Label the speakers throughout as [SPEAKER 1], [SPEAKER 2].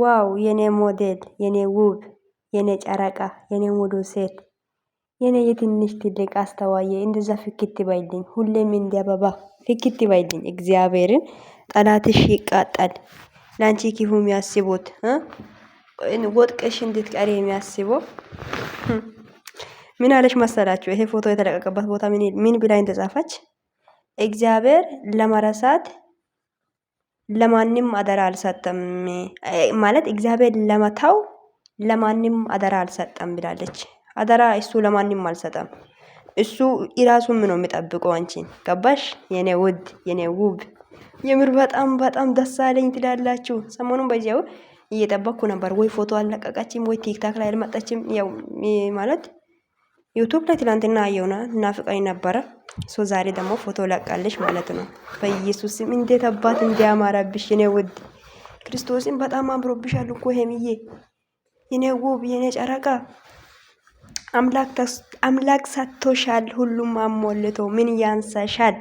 [SPEAKER 1] ዋው የኔ ሞዴል የኔ ውብ የኔ ጨረቃ የኔ ሙሉ ሴት የኔ የትንሽ ትልቅ አስተዋየ እንደዛ ፍክት ባይልኝ ሁሌም እንዲ አበባ ፍክት ባይልኝ እግዚአብሔርን ጠላትሽ ይቃጠል። ላንቺ ክፉ የሚያስቡት ወድቀሽ እንድትቀሪ የሚያስቡ ምን አለች መሰላችሁ? ይሄ ፎቶ የተለቀቀበት ቦታ ምን ብላ እንደጻፈች እግዚአብሔር ለመረሳት ለማንም አደራ አልሰጠም ማለት እግዚአብሔር ለመተው ለማንም አደራ አልሰጠም ብላለች። አደራ እሱ ለማንም አልሰጠም። እሱ እራሱም ነው የሚጠብቀው አንቺን። ገባሽ የኔ ውድ የኔ ውብ፣ የምር በጣም በጣም ደስ አለኝ ትላላችሁ። ሰሞኑን በዚያው እየጠበቅኩ ነበር፣ ወይ ፎቶ አለቀቀችም ወይ ቲክታክ ላይ አልመጣችም። ያው ማለት ዩቱብ ላይ ትላንትና አየውና ናፍቃኝ ነበረ። ሶ ዛሬ ደግሞ ፎቶ ለቃለች ማለት ነው። በኢየሱስ ስም እንዴት አባት እንዲያማራብሽ እኔ ውድ ክርስቶስን በጣም አምሮብሻል እኮ ሄምዬ፣ የኔ ውብ፣ የኔ ጨረቃ አምላክ ሰጥቶሻል። ሁሉም አሞልቶ ምን ያንሳሻል?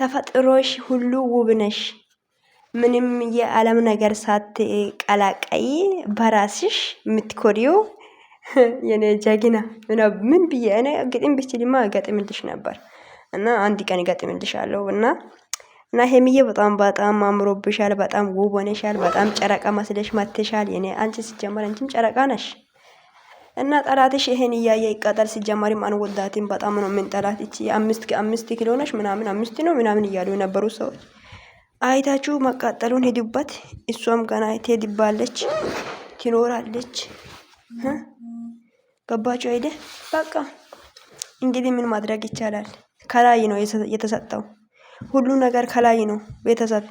[SPEAKER 1] ተፈጥሮሽ ሁሉ ውብ ነሽ። ምንም የዓለም ነገር ሳትቀላቀይ በራስሽ የምትኮሪው የኔ ጀግና ምን ብዬ እኔ ግጥም ብችልማ እገጥምልሽ ነበር እና አንድ ቀን አለው እና እና ሄሚዬ በጣም በጣም አምሮብሻል። በጣም ውብ ሆነሻል። በጣም ጨረቃ መስለሽ መተሻል። የኔ አንቺ ሲጀመር አንቺም ጨረቃ ነሽ እና ጠላትሽ ይሄን እያየ ይቃጠል። ሲጀመሪም አንወዳትም በጣም ነው ምን ጠላት እቺ አምስት አምስት ኪሎ ነሽ ምናምን አምስት ነው ምናምን እያሉ የነበሩ ሰዎች አይታችሁ መቃጠሉን ሄዱበት። እሷም ገና ትሄድባለች ትኖራለች። ገባቸው አይደ በቃ እንግዲህ ምን ማድረግ ይቻላል? ከላይ ነው የተሰጠው። ሁሉ ነገር ከላይ ነው ቤተሰብ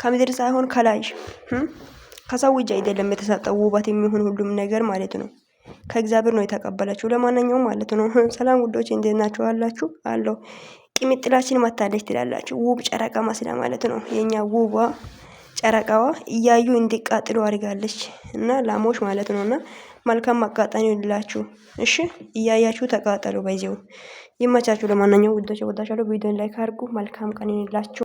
[SPEAKER 1] ከምድር ሳይሆን ከላይ hm? ከሰው እጅ አይደለም የተሰጠው ውበት የሚሆን ሁሉም ነገር ማለት ነው። ከእግዚአብሔር ነው የተቀበለችው። ለማንኛውም ማለት ነው ሰላም ውዶች፣ እንዴት ናችሁ አላችሁ አለው። ቅሚጥላችን መታለች ትላላችሁ። ውብ ጨረቃ መስላ ማለት ነው የእኛ ውቧ ጨረቃዋ እያዩ እንዲቃጥሉ አድርጋለች እና ላሞች ማለት ነው። እና መልካም አጋጣሚ ይሁንላችሁ። እሺ እያያችሁ ተቃጠሉ። በዚው ይመቻችሁ። ለማናኛው ውዶች ወዳሻለሁ። ቪዲዮን ላይክ አድርጉ። መልካም ቀን ይሁንላችሁ።